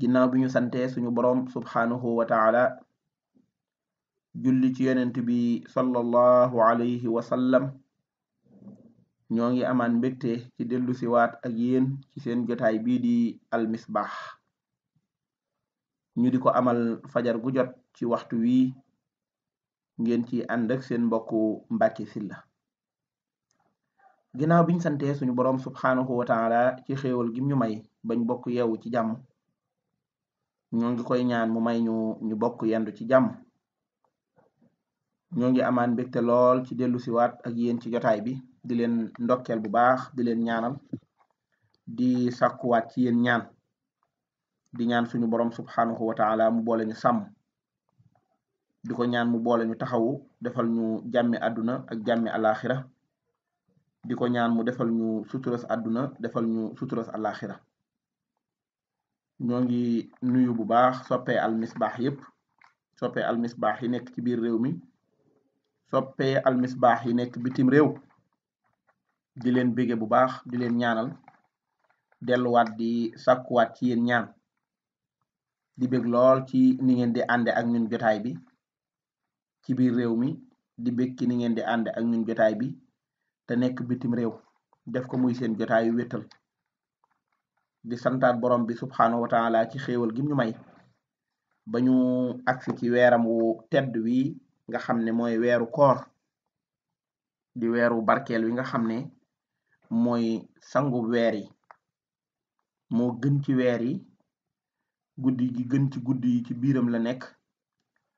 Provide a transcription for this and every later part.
ginnaaw bi ñu sante suñu boroom subhaanahu wa taala julli ci yonent bi sallallahu alayhi wa sallam ñoo ngi amaan mbégte ci dellu siwaat ak yéen ci seen jotaay bii di almisbaax ñu di ko amal fajar gu jot ci waxtu wi ngeen ci ànd ak seen mbokku Mbàkke Sylla ginnaaw biñ sante suñu boroom subhaanahu wa taala ci xéewal gim ñu may bañ bokk yeewu ci jàmm ñoo ngi koy ñaan mu may ñu ñu bokk yendu ci jàmm ñoo ngi amaan mbégte lool ci dellu siwaat ak yéen ci jotaay bi di leen ndokkeel bu baax di leen ñaanal di sàkkuwaat ci yéen ñaan di ñaan suñu borom subhanahu wa taala mu boole ñu sàmm di ko ñaan mu boole ñu taxawu defal ñu jàmmi àdduna ak jàmmi alaxira di ko ñaan mu defal ñu suturas àdduna defal ñu suturas alaxira ñoo ngi nuyu bu baax soppe almisbaax yépp soppe almisbaax yi nekk ci biir réew mi soppe almisbaax yi nekk bitim réew di leen bége bu baax di leen ñaanal delluwaat di sàkkuwaat ci yéen ñaan di bég lool ci ni ngeen di ànde ak ñun jotaay bi ci biir réew mi di bég ci ni ngeen di ànde ak ñun jotaay bi te nekk bitim réew def ko muy seen jotaayu wéttal di santaat borom bi subxanahu wa taala ci xéewal gim ñu may ba ñu agsi ci weeram wu tedd wi nga xam ne mooy weeru koor di weeru barkeel wi nga xam ne mooy sangu weer yi moo gën ci weer yi guddi gi gën ci guddi yi ci biiram la nekk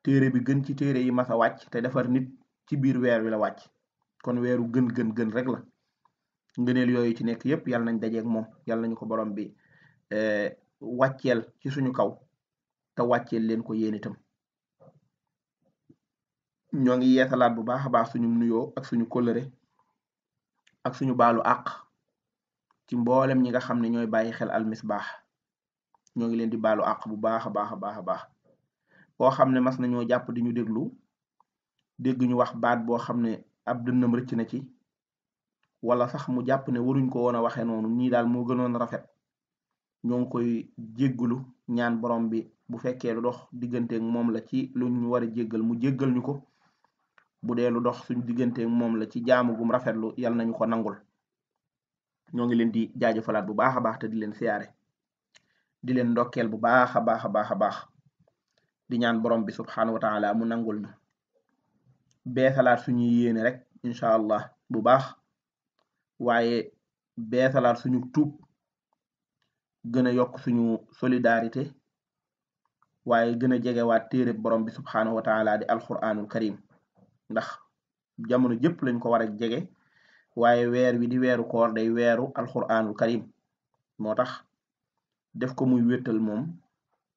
téere bi gën ci téere yi masa wàcc te defar nit ci biir weer wi la wàcc kon weeru gën gën gën rek la ngëneel yooyu ci nekk yépp yàlla nañ dajeeg moom yàlla nañu ko borom bi Eh, wàcceel ci suñu kaw te wàcceel leen ko yéen itam ñoo ngi yeesalaat bu baax a baax suñu nuyoo ak suñu kóllëre ak suñu baalu àq ci mboolem ñi nga xam ne ñooy bàyyi xel Al Misbah ñoo ngi leen di baalu àq bu baax a baax a baax a baax koo xam ne mas nañoo jàpp di ñu déglu dégg wax baat boo xam ne ab dënnam rëcc na ci wala sax mu jàpp ne waruñ ko woon a waxee noonu ñii daal moo gënoon rafet ñoo ngi koy jéggulu ñaan borom bi bu fekkee dox digganteeg moom la ci luñ war a jéggal mu jéggal ñu ko bu dee dox suñ digganteeg moom la ci jaamu gum rafetlu yal nañu ko nangul ñoo ngi leen di jaajëfalaat bu baax a baax te di leen siyaare di leen ndokkeel bu baax a baax a baax a baax di ñaan borom bi subxanahu wa taala mu nangul ñu beesalaat suñuy yéene rek incha allah bu baax waaye beesalaat suñu tuub. gën a yokk suñu solidarité waaye gën a jegewaat téere borom bi subhaanahu wa taala di alquranul karim ndax jamono jëpp lañ ko war a jege waaye weer wi di weeru koor day weeru alquranul karim moo tax def ko muy wéttal moom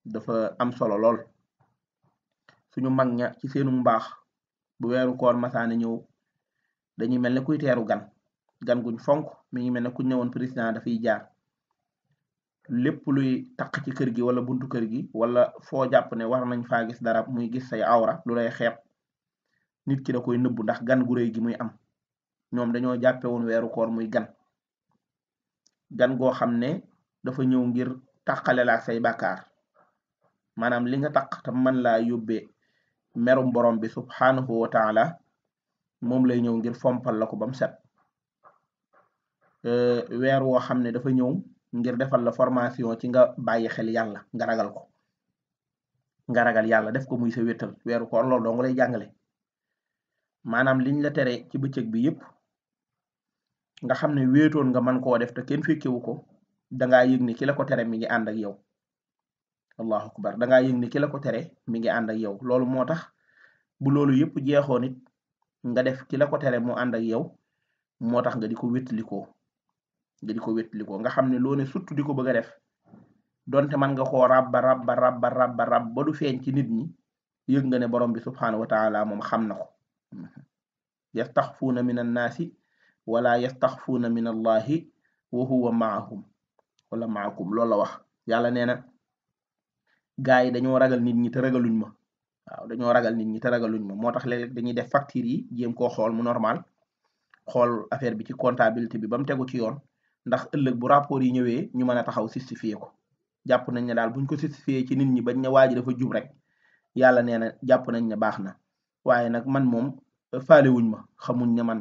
dafa am solo lool suñu mag ña ci seenu mbaax bu weeru koor masaana ñëw dañuy mel ne kuy teeru gan gan guñ fonk mi ngi mel ne ku prisident président dafay jaar lépp luy taq ci kër gi wala buntu kër gi wala foo jàpp ne war nañ faa gis dara muy gis say awra lu lay xeeb nit ki da koy nëbbu ndax gan gu réy gi muy am ñoom dañoo jàppe woon weeru koor muy gan gan goo xam ne dafa ñëw ngir taqale la ak say bàkkaar maanaam li nga taq te man laa yóbbee merum borom bi subhanahu wa taala moom lay ñëw ngir fompal la ko ba mu set euh, weer woo xam ne dafa ñëw ngir defal la formation ci nga bàyyi xel yàlla nga ragal ko nga ragal yàlla def ko muy sa wéttal weeru koor loolu dong lay jàngale maanaam liñ la tere ci bëccëg bi yépp nga xam ne wéetoon nga man koo def te kenn fekkewu ko dangaa yëg ni ki la ko tere mi ngi ànd ak yow allahu akbar dangaa yëg ni ki la ko tere mi ngi ànd ak yow loolu moo tax bu loolu yépp jeexoon it nga def kila la ko tere mu ànd ak yow moo tax nga di ko wéttalikoo nga di ko wétli nga xam ne loo ne surtout di ko bëgg a def donte man nga koo rabba rabba rabba rabba rab ba feeñ ci nit ñi yëg nga ne borom bi subhaanahu wa taala moom xam na ko yastaxfuuna min annaasi wala yastaxfuuna min allahi wa huwa maahum wala maakum loolu la wax yàlla nee na gaa yi dañoo ragal nit ñi te ragaluñ ma waaw dañoo ragal nit ñi te ragaluñ ma moo tax léeg-léeg dañuy def facture yi jéem koo xool mu normal xool affaire bi ci comptabilité bi ba mu tegu ci yoon ndax ëllëg bu rapport yi ñëwee ñu mën a taxaw justifier ko jàpp nañ ne daal buñ ko justifier ci nit ñi bañ ne waa ji dafa jub rek yàlla nee na jàpp nañ ne baax na waaye nag man moom euh, faalewuñ ma xamuñ ne man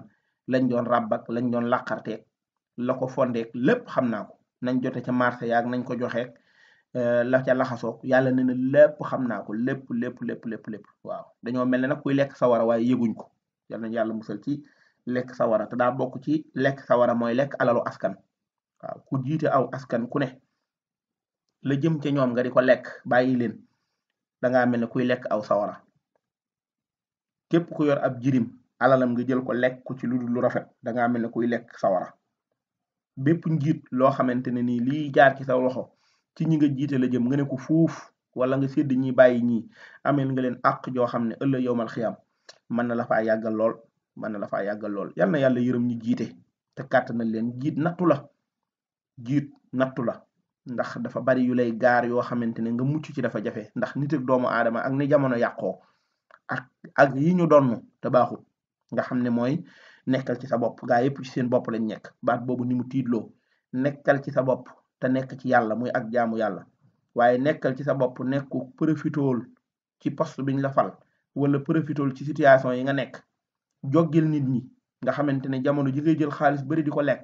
lañ doon ràbbak lañ doon làqarteeg la ko fondeek lépp xam naa ko nañ jote ca marché yaag nañ ko joxeek euh, la ca laxasoog yàlla nee na lépp xam naa ko lépp lépp lépp lépp lépp waaw dañoo mel ne nag kuy lekk sawara waaye yëguñ ko yal nañ yàlla musal ci lekk sawara te daal bokk ci lekk sawara mooy lekk alalu askan waaw ku jiite aw askan ku ne la jëm ca ñoom nga di ko lekk bàyyi leen dangaa mel ne kuy lekk aw sawara képp ku yor ab jirim alalam nga jël ko lekk ku ci lu dul lu rafet dangaa mel ne kuy lekk sawara bépp njiit loo xamante ne nii lii jaar ci sa loxo ci ñi nga jiite la jëm nga ne ko fuuf wala nga sédd ñi bàyyi ñii ameel nga leen àq joo xam ne ëllëg yowmal xiyam mën na la faa yàggal lool mën na la faa yàggal lool yal na yàlla yërëm ñi jiite te kàttanal leen jiit nattu la jiit nattu la ndax dafa bari yu lay gaar yoo xamante ne nga mucc ci dafa jafe ndax nit doomu aadama ak ni jamono yàqoo ak ak yi ñu donn te nga xam ne mooy nekkal ci sa bopp gaa yëpp ci seen bopp lañ nekk baat boobu ni mu tiidloo nekkal ci sa bopp te nekk ci yàlla muy ak jaamu yàlla waaye nekkal ci sa bopp nekku profitool ci poste biñ la fal wala profitool ci situation yi nga nekk joggil nit ñi nga xamante ne jamono ji ngay jël xaalis bari di ko lekk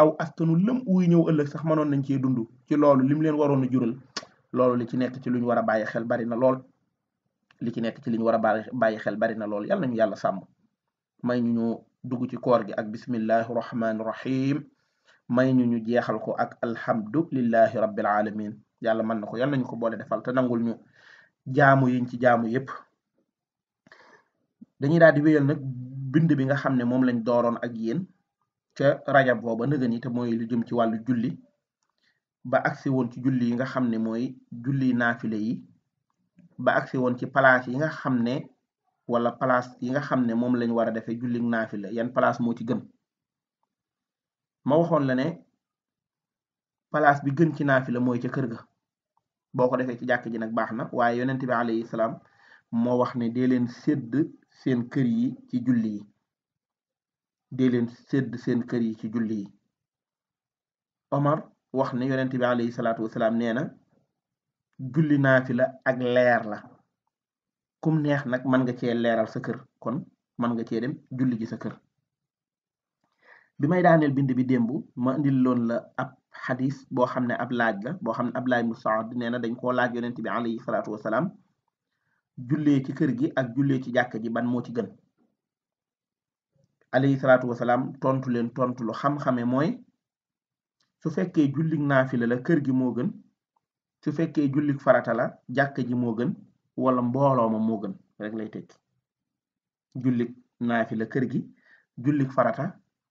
aw askanu lëm wuy ñëw ëllëg sax manoon nañ cee dund ci loolu lim leen waroon a jural loolu li ci nekk ci lu ñu war a bàyyi xel bari na lool li ci nekk ci li ñu war a bàyyi xel bari na lool yàlla yàlla sàmm may ñu ñu dugg ci koor gi ak bismillahi rahmaani rahim may ñu ñu jeexal ko ak alhamdulillahi rabbil alamin yàlla mën na ko yàlla nañu ko boole defal te nangul ñu jaamu yiñ ci jaamu yépp dañuy daal di wéyal nag bind bi nga xam ne moom lañ dooroon ak yéen ca rajab booba nëgëni te mooy lu jëm ci wàllu julli ba agsi woon ci julli yi nga xam ne mooy julli naafile yi ba agsi woon ci palaas yi nga xam ne wala palaas yi nga xam ne moom lañ war a defee julli naafile yan palaas moo ci gën moo waxoon la ne palaas bi gën ci naafile mooy ca kër ga boo ko defee ci jàkk ji nag baax na waaye yonent bi alayhi salaam moo wax ne dee sedd seen kër yi ci julli yi dee sedd seen kër yi ci julli yi Omar wax ne yonent bi alayhi salaatu wasalaam nee na julli la ak leer la kum neex nag mën nga cee leeral sa kër kon mën nga cee dem julli ji sa kër bi may daaneel bind bi démb ma indil loon la ab xadis boo xam ne ab laaj la boo xam ne Abdullah ibn Saad nee na dañ koo laaj yonent bi alayhi salaatu wasalaam jullee ci kër gi ak jullee ci jàkka ji ban moo ci gën alayhi salaatu wasalaam tontu leen tontu lu xam-xame mooy su fekkee jullik naafila la kër gi moo gën su fekke jullik farata la jàkka ji moo gën wala mbooloo ma moo gën rek lay tekki jullik naafila kër gi jullik farata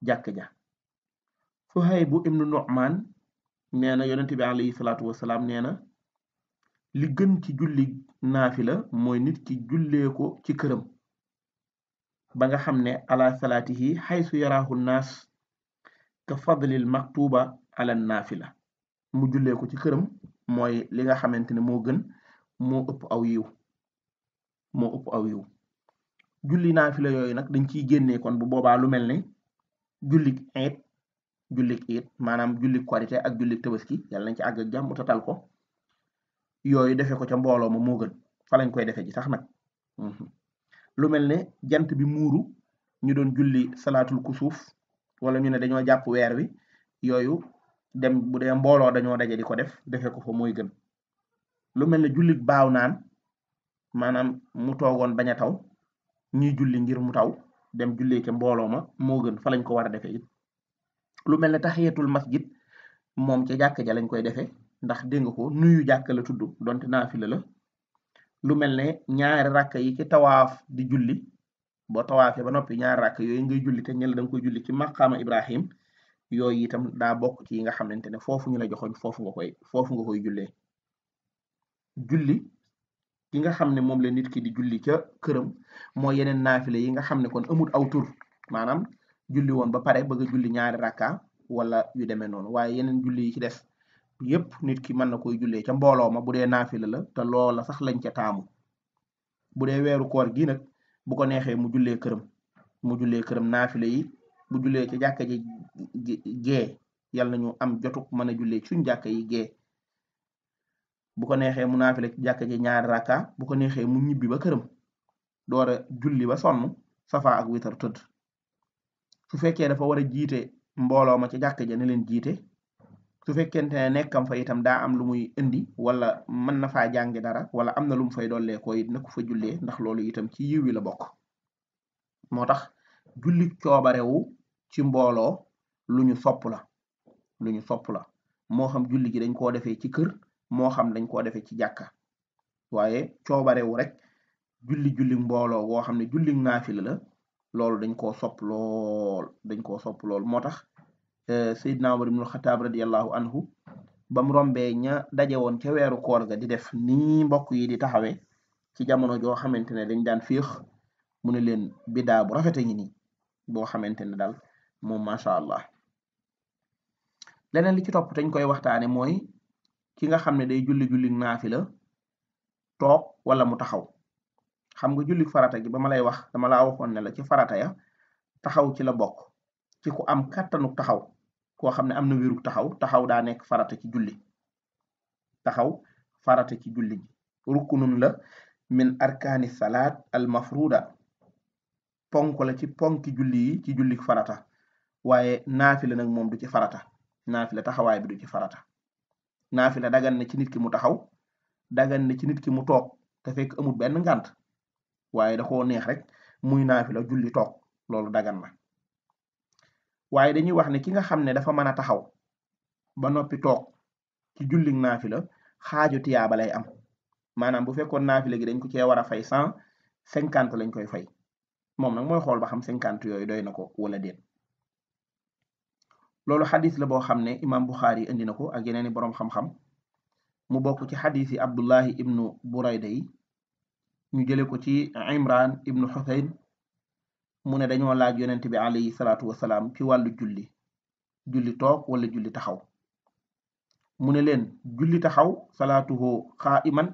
jàkka ja Suhayb ibnu Nu'man nee na yonent bi alayhi salaatu wasalaam nee na li gën ci julli naafila mooy nit ki julleeko ci këram ba nga xam ne ala salaatihi xaysu yaraahu naas ka fadlil maktuba ala naafila mu jullee ko ci këram mooy li nga xamante ne moo gën moo ëpp aw yiw moo ëpp aw yiw julli naafila yooyu nag dañ ciy génnee kon bu boobaa lu mel ne jullik it jullik eet maanaam jullik korite ak jullik tabaski yàlla nañ ci àgg ak jàmm tatal ko yooyu defee ko ca mbooloo ma moo gën fa lañ koy defee ji sax nag mhm. lu mel ne jant bi muuru ñu doon julli salaatul kusuuf wala ñu ne dañoo jàpp weer wi yooyu dem bu dee mbooloo dañoo daje di ko def defee ko fa mooy gën lu mel ne julli baaw naan maanaam mu toogoon bañ a taw ñuy julli ngir mu taw dem julli ke mbooloo ma moo gën fa lañ ko war a defe it lu mel ne taxiyatul masjid moom ca jàkk ja lañ koy defe ndax dégg nga ko nuyu jàkk la tudd donte naafila la lu mel ne ñaari rakk yi ci tawaaf di julli boo tawaafee ba noppi ñaari rakk yooyu ngay julli te ñel da koy julli ci maqaama Ibrahim yooyu itam daa bokk ci yi nga xamante ne foofu ñu la joxoñ foofu nga koy foofu nga koy jullee julli ki nga xam ne moom la nit ki di julli ca këram mooy yeneen naafile yi nga xam ne kon amul aw tur maanaam julli woon ba pare bëgg julli ñaari rakka wala yu demee noonu waaye yeneen julli yi ci des yépp nit ki mën na koy jullee ca mbooloo ma bu dee naafila la te loola sax lañ ca taamu bu dee weeru koor gi nag bu ko neexee mu jullee këram mu jullee këram naafila yi bu jullee ca jàkka ji gee yàlla ñu am jotu mën a jullee suñ jàkka yi bu ko neexee mu naafila ci jàkka ji ñaari raka bu ko neexee mu ñibbi ba këram door a julli ba sonn safa ak witar tëdd su fekkee dafa war a jiite mbooloo ma ca jàkka ja ne leen jiite su fekkente ne nekkam fa itam daa am lu muy indi wala mën na faa jàngi dara wala am na lu mu fay dollee ko it na ko fa jullee ndax loolu itam ci yiw wi la bokk moo tax julli coobarewu ci mbooloo lu ñu sopp la lu ñu sopp la moo xam julli gi dañ koo defee ci kër moo xam dañ koo defee ci jàkka waaye coobarewu rek julli julli mbooloo woo xam ne julli naafila la loolu dañ koo sopp lool dañ koo sopp lool moo tax Eh, Seydina Umar ibnul Xataab radiallahu anhu ba mu rombee ña daje woon ca weeru koor ga di def nii mbokk yi di taxawee ci jamono joo xamante ne dañ daan fiix mu ne leen bidaa bu rafet ngi nii boo xamante ne daal moom macha allah leneen li ci topp dañ koy waxtaane mooy ki nga xam ne day julli julli naafila toog wala mu taxaw xam nga julli farata gi ba ma lay wax dama laa waxoon ne la ci farata ya taxaw ci la bokk ci ku am kàttanu taxaw koo xam ne am na wérug taxaw taxaw daa nekk farata ci julli taxaw farata ci julli ji rukunun la min arkaani salaat al mafruda ponk la ci ponki julli ci julli farata waaye naafila nag moom du ci farata naafila taxawaay bi du ci farata naafila dagan na ci nit ki mu taxaw dagan na ci nit ki mu toog te fekk amul benn ngànt waaye da koo neex rek muy naafila julli toog loolu dagan na waaye dañuy wax ne ki nga xam ne dafa mën a taxaw ba noppi toog ci jullig naafila xaaju tiyaaba lay am maanaam bu fekkoon naafila gi dañ ko cee war a fay cent cinquante lañ koy fay moom nag mooy xool ba xam cinquante yooyu doy na ko wala déet loolu xadis la boo xam ne imaam Buxaari indi na ko ak yeneen i boroom xam-xam mu bokk ci xadis yi Abdullahi ibnu Burayda yi ñu jële ko ci Imran ibnu Xuseyn mu ne dañoo laaj bi alayhi salaatu wasalaam ci wàllu julli julli toog wala julli taxaw mu ne leen julli taxaw salaatuhu qaa'iman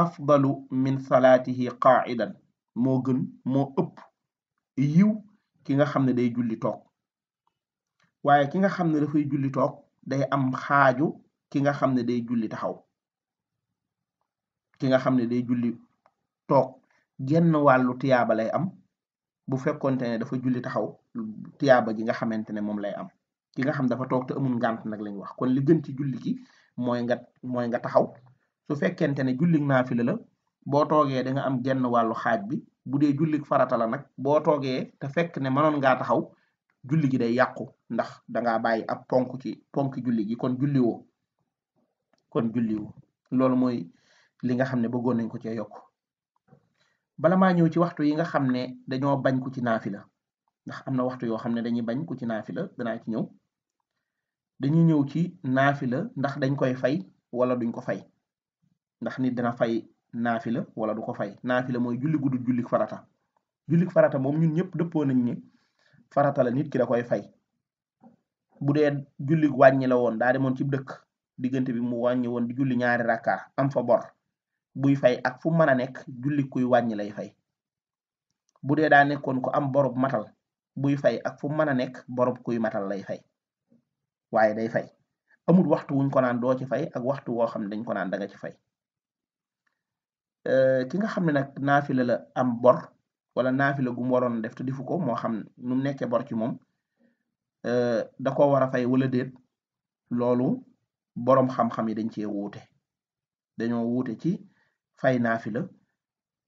afdalu min salaatihi qaa'idan moo gën moo ëpp yiw ki nga xam ne day julli toog waaye ki nga xam ne dafay julli toog day am xaaju ki nga xam ne day julli taxaw ki nga xam ne day julli toog genn wàllu tiyaaba lay am bu fekkonte ne dafa julli taxaw tiyaaba ji nga xamante ne moom lay am ki nga xam dafa toog te amul ngànt nag lañ wax kon li gën ci julli gi mooy nga mooy nga taxaw su fekkente ne jullig naafila la boo toogee da nga am genn wàllu xaaj bi bu dee jullig farata la nag boo toogee te fekk ne manoon ngaa taxaw julli gi day yàqu ndax dangaa bàyyi ab ponk ci ponk julli gi kon julliwoo kon julliwoo loolu mooy li nga xam ne bëggoon nañ ko cee yokk bala maa ñëw ci waxtu yi nga xam ne dañoo bañ ku ci naafila ndax am na waxtu yoo xam ne dañuy bañ ku ci naafila danaa ci ñëw dañuy ñëw ci naafila ndax dañ koy fay wala duñ ko fay ndax nit dana fay naafila wala du ko fay naafila mooy julli guddul julli farata julli farata moom ñun ñëpp dëppoo nañ ne farata la nit ki da koy fay bu dee julli wàññi la woon daa demoon ci dëkk diggante bi mu wàññi woon di julli ñaari rakka am fa bor buy fay ak fu mën a nekk julli kuy wàññi lay fay bu dee daa nekkoon ku am borob matal buy fay ak fu mën a nekk borob kuy matal lay fay waaye day fay amul waxtu wuñ ko naan doo ci fay ak waxtu woo xam ne dañ ko naan danga ci fay euh, ki nga xam ne nag naafila la am bor wala naafila gum waroon def te difu ko moo xam nu mu nekkee bor ci moom euh, da ko war a fay wala déet loolu boroom xam-xam yi dañ cee wuute dañoo wuute ci fay naafila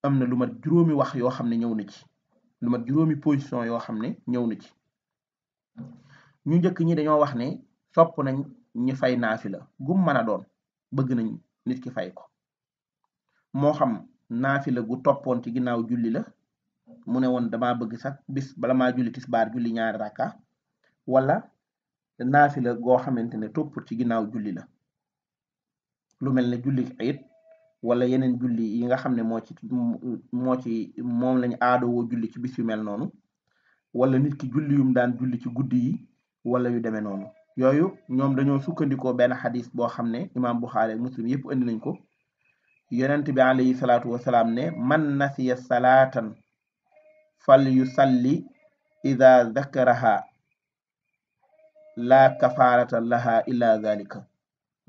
am na lu mat juróomi wax yoo xam ne ñëw na ci lu mat juróomi position yoo xam ne ñëw na ci ñu njëkk ñi dañoo wax ne sopp nañ ñi fay naafila gum mën a doon bëgg nañ nit ki fay ko moo xam naafila gu toppoon ci ginnaaw julli la mu ne woon dama bëgg sax bis bala maa julli tisbaar julli ñaari rakka wala naafila goo xamante ne topp ci ginnaaw julli la lu ne julli ayit wala yeneen julli yi nga xam ne moo ci moo ci moom lañu aadowoo julli ci bis yu mel noonu wala nit ki julli yum daan julli ci guddi yi wala yu demee noonu yooyu ñoom dañoo sukkandikoo benn xadis boo xam ne imaam Buxaari ak muslim yëpp andi nañ ko yonent bi alayhi salaatu wasalaam ne man nasiya salaatan fal yusalli ida dakaraha la kafaarata laha illa dalika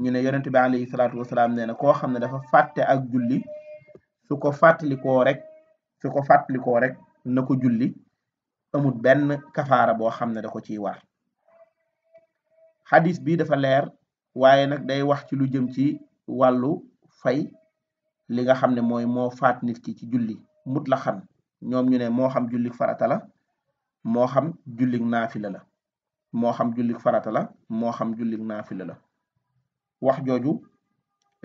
ñu ne yonent bi alayhi salaatu wasalaam nee na koo xam ne dafa fàtte ak julli su ko fàttalikoo rek su ko fàttalikoo rek na ko julli amut benn kafaara boo xam ne dako ko ciy war xadis bi dafa leer waaye nag day wax ci lu jëm ci wàllu fay li nga xam ne mooy moo faat nit ki ci julli mut la xam ñoom ñu ne moo xam jullik farata la moo xam jullik naafila la moo xam jullik farata la moo xam jullik naafila la wax jooju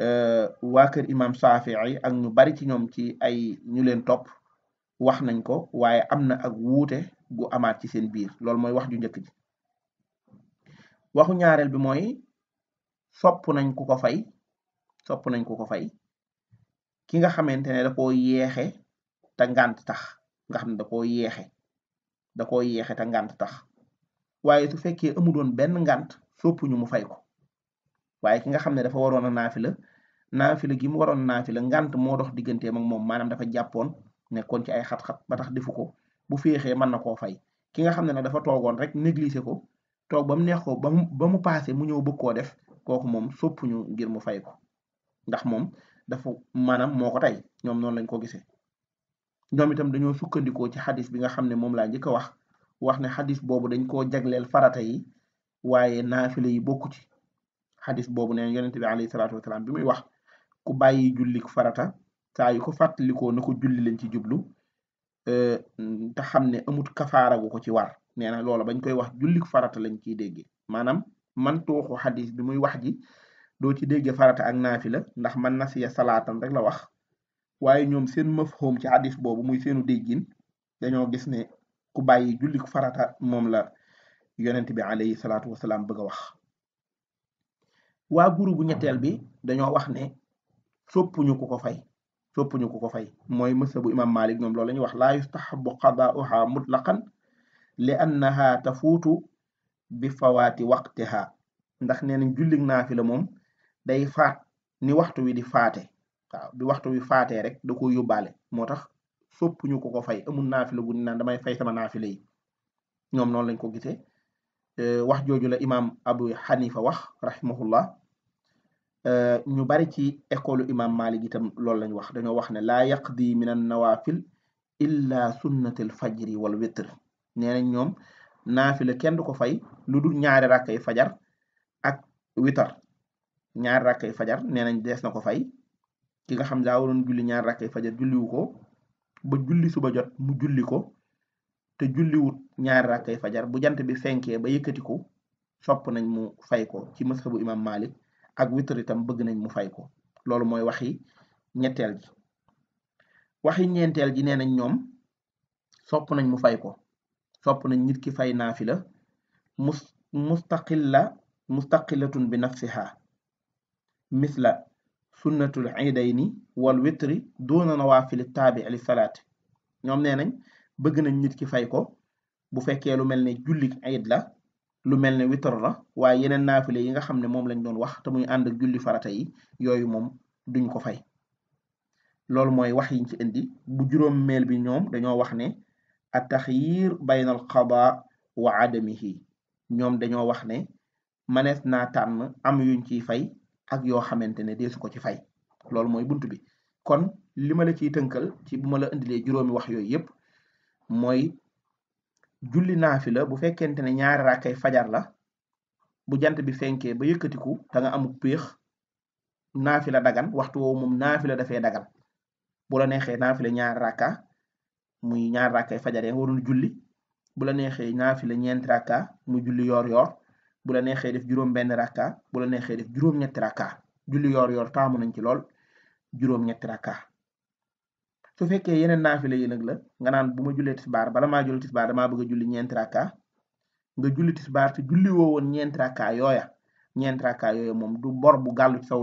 euh, waa kër imam Shafii ak ñu bari ci ñoom ci ay ñu leen topp wax nañ ko waaye am na ak wuute gu amaat ci seen biir loolu mooy wax ju njëkk ji waxu ñaareel bi mooy sopp nañ ku ko fay sopp nañ ku ko fay ki nga xamante ne da koo yeexe te ngànt tax nga xam ne da koo yeexe da ko yeexe te ngànt tax waaye su fekkee amu doon benn ngànt soppuñu mu fay ko waaye ki nga xam ne dafa waroon a naafila naafila gi mu waroon a naafila ngant moo dox diggante ak moom maanaam dafa jàppoon nekkoon ci ay xat-xat ba tax defu ko bu féexee mën na koo fay ki nga xam ne nag dafa toogoon rek négliger ko toog ba mu neex ba mu ba mu paase mu ñëw bëgg koo def kooku moom soppuñu ngir mu fay ko ndax moom dafa maanaam moo ko tey ñoom noonu lañ ko gisee ñoom itam dañoo sukkandikoo ci xadis bi nga xam ne moom laa njëkk a wax wax ne xadis boobu dañ koo jagleel farata waaye naafile yi bokku ci xadis boobu neen yonente bi alayhi salaatu wasalaam bi muy wax ku bàyyi julli farata saa yu ko fàttalikoo na ko julli lañ ci jublu euh, te xam ne amut kafaara ko ci war nee na loola bañ koy wax jullik farata lañ ciy déggee maanaam man tooxu xadis bi muy wax ji doo ci déggee farata ak naafila ndax man na nasiya salaatan rek la wax waaye ñoom seen mafhum ci xadis boobu muy seenu déggin dañoo gis ne ku bàyyi jullik farata moom la yonent bi alayhi salaatu wasalaam bëgg wax waa groupe bu ñetteel bi dañoo wax ne soppuñu ku ko fay soppuñu ku ko fay mooy mësa bu imam malik ñoom loolu la ñuy wax laa yustahabu qadaa'uha mutlaqan li annaha tafuutu bi fawaati waqtiha ndax nee nañ jullig naafila moom day faat ni waxtu wi di faate waaw waxtu wi faatee rek da ko yóbbaale moo tax soppuñu ko ko fay amul naafila gu naan damay fay sama naafila ñoom noonu lañ ko gisee Eh, wax jooju la imaam Abu Hanifa wax rahimahullah eh, ñu bari ci école imaam Malik itam loolu lañ wax dañoo wax ne laa yaqdi min an nawafil illa sunnatil fajri wala witr nee nañ ñoom naafila kenn du ko fay lu dul ñaari rakkay fajar ak witar ñaari rakkay fajar nee nañ dees na ko fay ki nga xam daa waroon julli ñaari rakkay fajar julliwu ko ba julli suba jot mu julli ko te julliwut ñaari rakkay fajar bu jant bi fenkee ba yëkkatiku sopp nañ mu fay ko ci mashabu imam malik ak witr itam bëgg nañ mu fay ko loolu mooy waxi ñetteel waxi ñeenteel ji nee nañ ñoom sopp nañ mu fay ko sopp nañ nit ki fay naafila mus mustaqilla mustaqilatun bi nafsiha misla sunnatul idayni wal witri duna nawaafili taabi li salaati ñoom ne nañ bëgg nañ nit ki fay ko bu fekkee lu mel ne julli ayit la lu mel ne witar la waaye yeneen naafile yi nga xam ne moom lañ doon wax te muy ànd ak julli farata yooyu moom duñ ko fay loolu mooy wax yiñ ci indi bu juróom meel bi ñoom dañoo wax ne ataxyir bayna al qada wa adamihi ñoom dañoo wax ne manees naa tànn am yuñ ciy fay ak yoo xamante ne deesu ko ci fay loolu mooy bunt bi kon li ma la ciy tënkal ci bu ma la indilee juróomi wax yooyu yépp mooy julli naafila bu fekkente ne ñaari rakkay fajar la bu jant bi fenkee ba yëkkatiku da nga amuk péex naafila dagan waxtu woowu moom naafila dafee dagan bu la neexee naafila ñaari rakka muy ñaari rakkay fajar ya warul julli bu la neexee naafila ñeenti rakka mu julli yoor yoor bu la neexee def juróom benn rakka bu la neexee def juróom-ñetti rakka julli yoor yoor taamu nañ ci lool juróom-ñetti rakka su fekkee yeneen naafila yi nag la nga naan bu ma jullee tisbaar bala maa julli tisbaar damaa bëgg a julli ñeenti rakka nga julli tisbaar te julli woon ñeenti rakka yooya ñeenti yooya moom du bor bu gàllu ci saw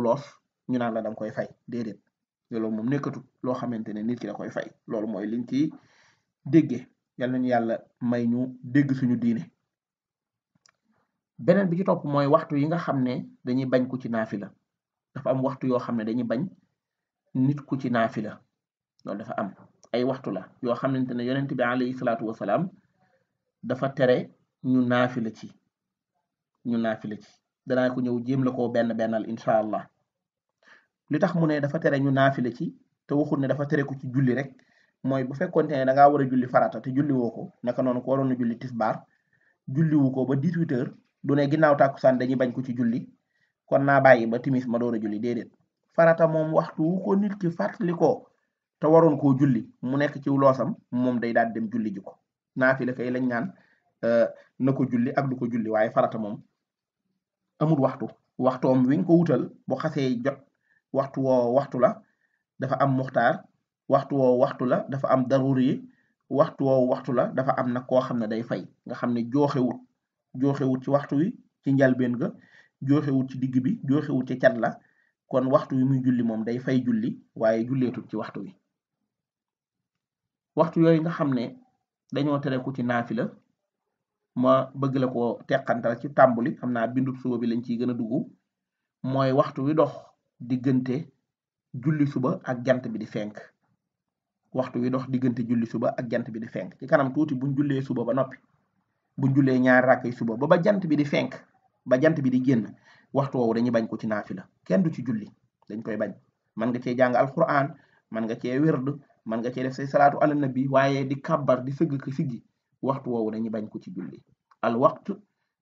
ñu naan la danga koy fay déedéet loolu moom nekkatut loo xamante ne nit ki da koy fay loolu mooy liñ ci déggee yal nañu yàlla may ñu dégg suñu diine beneen bi ci topp mooy waxtu yi nga xam ne dañuy bañ ku ci naafila dafa am waxtu yoo xam ne dañuy bañ nit ku ci naafila loolu dafa am ay waxtu la yoo xamante ne yonent bi alayhi salaatu salaam dafa tere ñu naafila ci ñu naafila ci danaa ko ñëw jéem la koo benn bennal incha allah lu tax mu ne dafa tere ñu naafila ci te waxul ne dafa tere ku ci julli rek mooy bu fekkoonte ne da ngaa war julli farata te julli woo ko naka noonu ko waroon a julli tisbaar wu ko ba 18 heures du ne ginnaaw tàkkusaan dañuy bañ ko ci julli kon naa bàyyi ba timis ma door a julli déedéet farata moom waxtu wu ki fàttali ko te waroon ko julli mu nekk ci loosam moom day daal dem julli ji ko naafila kay lañ ñaan euh, na ko julli ak du ko julli waaye farata moom amul waxtu waxtoom wi nga ko wutal bu xasee jot waxtu woo waxtu la dafa am muxtaar waxtu woo waxtu la dafa am daruri yi waxtu woo waxtu la dafa am nag koo xam ne day fay nga xam ne jooxewut jooxewut ci waxtu wi ci njalbeen ga jooxewut ci digg bi jooxewut ci cat la kon waxtu wi muy julli moom day fay julli waaye julleetut ci waxtu wi waxtu yooyu nga xam ne dañoo tere ku ci naafila ma bëgg la ko teqantal ci tàmbuli xam naa bindub suba bi lañ ciy gën a dugg mooy waxtu wi dox diggante julli suba ak jant bi di fenk waxtu wi dox diggante julli suba ak jant bi di fenk ci kanam tuuti buñ jullee suba ba noppi buñ jullee ñaari rakk suba ba ba jant bi di fenk ba jant bi di génn waxtu woowu dañuy bañ ko ci naafila kenn du ci julli dañ koy bañ man nga cee jàng alquran man nga cee wird man nga cee def say salaatu ala nabi waaye di kabbar di sëgg ki waxtu woowu dañuy bañ ko ci julli al waxtu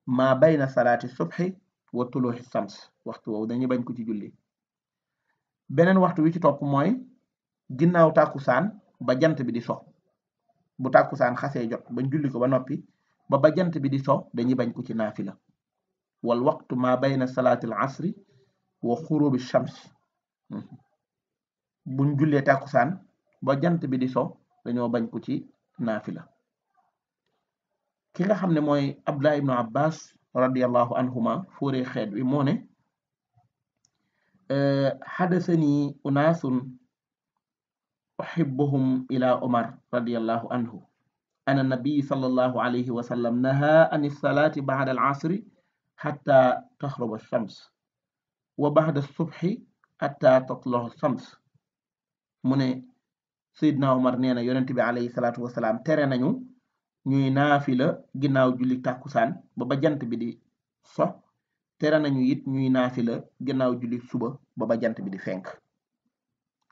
ma bayna salaati subhi wa tuluhi shams waxtu woowu dañuy bañ ko ci julli beneen waxtu wi ci topp mooy ginnaaw saan ba jant bi di so bu takku tàkkusaan xasee jot bañ julli ko ba noppi ba ba jant bi di so dañuy bañ ko ci naafila wal waxtu ma bayna salaati al asri wa xurubi shams hmm. buñ jullee tàkkusaan ba jant bi di so dañoo bañ ko ci naafila ki nga xam ne mooy abdullah ibnu abbas radiallahu anhuma fóoree xeet wi moo ne xadasani eh, unaasun uhibbuhum ila omar radiallahu anhu ana nabii sallallahu alayhi wa sallam naha an salaati baada al asri xatta taxruba shams wa baada subxi xatta tatluxu shams mu Seydina Omar nee na yonent bi alayhi salaatu wasalaam tere nañu ñuy naafila ginnaaw julli tàkkusaan ba ba jant bi di so tere nañu it ñuy naafila ginnaaw julli suba ba ba jant bi di fenk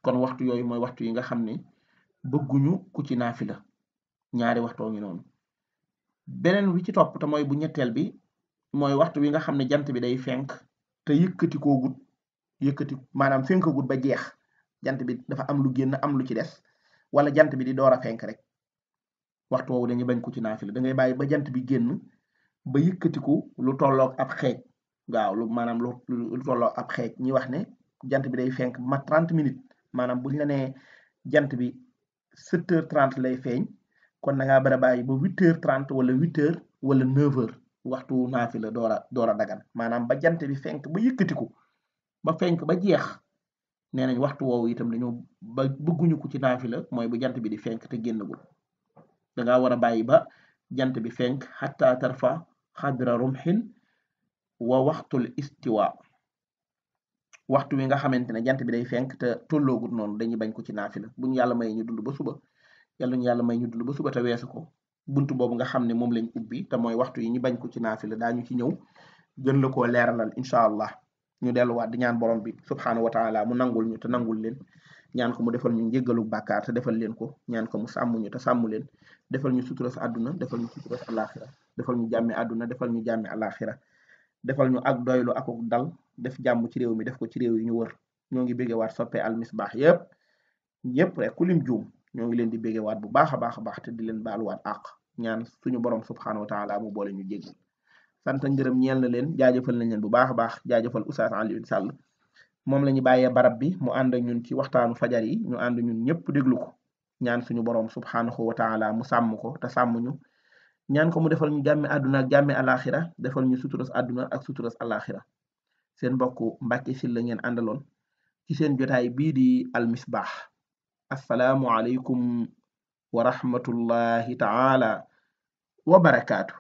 kon waxtu yooyu mooy waxtu yi nga xam ne bëgguñu ku ci naafila ñaari waxtoo ngi noonu beneen wi ci topp te ñetteel bi mooy waxtu wi nga xam ne jant bi day fenk te yëkkatikoo koo gut yëkkati maanaam fenk ba jeex jant bi dafa am lu génn am lu ci des wala jant bi di door a fenk rek waxtu woowu dañuy bañ ko ci naafila da ngay bàyyi ba jant bi génn ba yëkkatiku lu tollook ab xeej waaw lu maanaam lu lu ab xeej ñi wax ne jant bi day fenk ma 30 minutes maanaam buñ la nee jant bi 7 heures 30 lay feeñ kon na ngaa bara bàyyi ba 8 heures 30 wala 8 heures wala 9 heures waxtu naafila door a door a dagan maanaam ba jant bi fenk ba yëkkatiku ba fenk ba jeex nee nañ waxtu woowu itam dañoo ba bëgguñu ko ci naafila mooy bu jant bi di fenk te génnagul da ngaa war a bàyyi ba jant bi fenk xatta tarfa xadra rumxin wa waxtul istiwa waxtu wi nga xamante ne jant bi day fenk te tolloogut noonu dañuy bañ ko ci naafila buñu yàlla may ñu dund ba suba yàlla ñu yàlla may ñu dund ba suba te bunt boobu nga xam ne moom lañ ubbi te mooy waxtu yi ñu bañ ko ci naafila ñu ci ñëw gën la koo leeralal incha allah ñu delluwaat di ñaan borom bi subhaanahu wa taala mu nangul ñu te nangul leen ñaan ko mu defal ñu njéggalu bàkkaar te defal leen ko ñaan ko mu sàmm ñu te sàmm leen defal ñu sutura sa àdduna defal ñu sutura sa defal ñu jàmmi àdduna defal ñu jàmmi àlaxira defal ñu ak doylu ak dal def jàmm ci réew mi def ko ci réew yi ñu wër ñoo ngi béggewaat soppe Al baax yëpp ñëpp rek ku lim juum ñoo ngi leen di béggewaat bu baax a baax a baax te di leen baaluwaat àq ñaan suñu borom subhaanahu wa taala mu boole ñu jéggal sant ngërëm ñeel na leen jaajëfal nañ leen bu baax a baax jaajëfal Oustaz Alioune Sall moom la ñu bàyyee barab bi mu ànd ak ñun ci waxtaanu fajar yi ñu ànd ñun ñëpp déglu ko ñaan suñu boroom subhaanahu wa taala mu sàmm ko te sàmm ñu ñaan ko mu defal ñu jàmme àdduna ak jàmme defal ñu suturas àdduna ak suturas alaxira seen mbokku Mbàkke Sylla ngeen àndaloon ci seen jotaay bii di almisbaax asalaamualeykum wa rahmatullahi taala wa barakaatu